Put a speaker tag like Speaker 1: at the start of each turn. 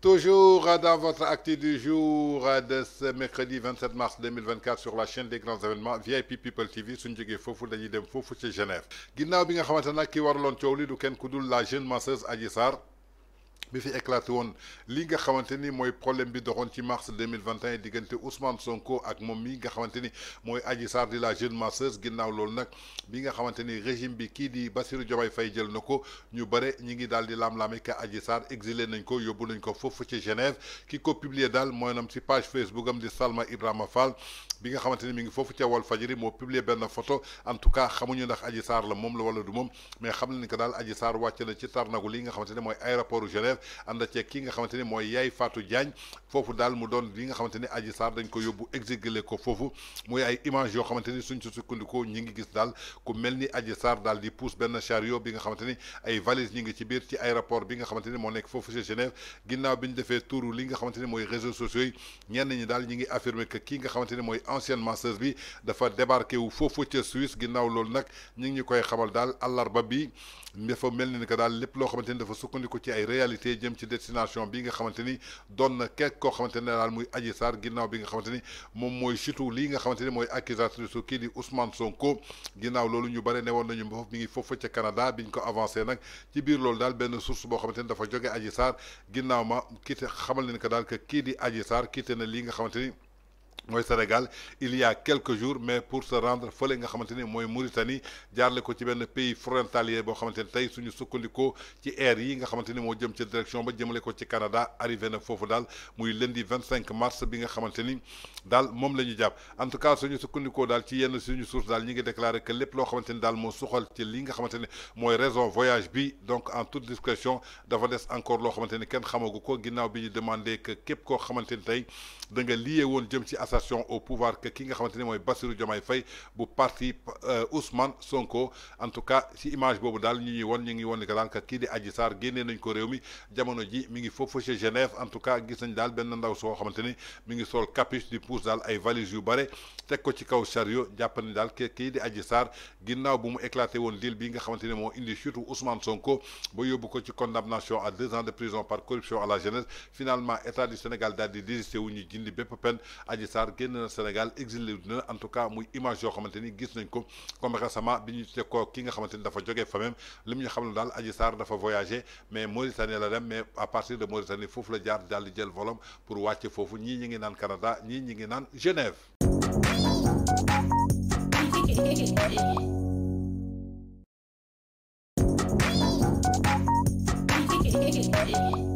Speaker 1: Toujours dans votre acte du jour de ce mercredi 27 mars 2024 sur la chaîne des grands événements VIP People TV suñ jógee foofu dañuy dem foofu ci Genève ginnaaw bi nga xamante nag ki kudul du ku la jeune masseuse Adji bi fi éclaté woon li nga xamanteni moy problème bi doxone ci mars 2021 digënté Ousmane Sonko ak mom mi nga xamanteni moy Adji Sarr di la jeune masseuse ginnaw lool nak bi nga xamanteni régime bi ki di Bassirou Diomaye Faye jël nako ñu bare ñi ngi daal di laam-laame ka Adji Sarr exilé nañ ko yóbbu nañ ko fofu ci Genève ki ko publier dal moy nam ci page Facebook am di Salma Ibrahima Fall bi nga xamanteni mi ngi fofu ci Wal Fadjiri mo publier ben photo en tout cas xamuñu ndax Adji Sarr la mom la wala du mom mais xam nañ ko dal Adji Sarr wàcc na ci Tarnagou li nga xamanteni moy mooy aéroport Genève Sénégal ànd ci ki nga xamante ni mooy Yaye Fatou Diagne foofu daal mu doon li nga xamante ni Adji Sarr dañ ko yóbbu exilé ko foofu muy ay image yoo xamante ni suñ si sukkandikoo ñi ngi gis daal ku mel ni Adji Sarr daal di pousse benn chariot bi nga xamante ni ay valise ñi ngi ci biir ci aéroport bi nga xamante ni moo nekk foofu ci Genève ginnaaw bi ñu defee tuuru li nga xamante ni mooy réseaux sociaux yi ñenn ñi daal ñi ngi affirmer que kii nga xamante ni mooy ancienne masseuse bi dafa débarqué wu foofu ca Suisse ginnaaw loolu nag ñi ngi ñu koy xamal daal àllarba bi dafa mel ni que daal lépp loo xamante ni dafa sukkandiku ci ay réalité rectifié jëm ci destination bi nga xamanteni don na kek ko xamanteni dal muy Adji sar ginnaw bi nga xamanteni mom moy chitu li nga xamanteni moy accusation su ki di Ousmane Sonko ginnaw lolu ñu bare newon nañu foofu mi ngi fofu ci Canada biñ ko avancer nak ci bir lolu dal ben source bo xamanteni dafa joggé Adji sar ginnaw ma kiite xamal ni que dal ke ki di Adji Sarr kiite na li nga xamanteni moy Sénégal il y a quelques jours mais pour se rendre fële nga xamante moy Mauritanie jarle ko ci ben pays frontalier bo xamante tay suñu sukkandikoo ci air yi nga xamante mo jëm ci direction ba jëmale ko ci Canada arrivé na fofu dal muy lundi 25 mars bi nga xamante dal mom lañu japp en tout cas suñu sukkandikoo dal ci yenn suñu source dal ñi ngi déclarer que lepp lo xamante dal mo suxal ci li nga xamante moy raison voyage bi donc en toute discrétion dafa des encore lo xamante ken kenn xamagu ko ginnaw bi ñu demander que kep ko xamante tay da nga lié won jëm ci au pouvoir que ki nga xamanteni moy Bassirou Diomaye Faye bu parti euh, Ousmane Sonko en tout cas ci image bobu dal ñi ñuy won ñi ngi won ni que daal ki di Adji Sarr génnee nañ ko réew mi jamono ji mi ngi Genève en tout cas gis nañ dal ben ndaw so xamanteni mi ngi sol capuche du pouce dal ay valises yu bare tek ko ci kaw chariot jàpp ni dal ki di Adji Sarr ginnaw bu mu éclaté won deal bi nga xamanteni mo indi chute Ousmane Sonko ba yobbu ko ci condamnation à deux ans de prison par corruption à la jeunesse finalement état du Sénégal dal di désisté wu ñu jindi bepp peine Adji Sarr Sénégal exilé en tout cas muy image yoo xamante gis nañ ko comme récemment bi ki nga dafa même ñu mais Mauritanie la dem mais à partir de Mauritanie la jaar di jël volom pour ñi ngi Canada ñi ngi Genève.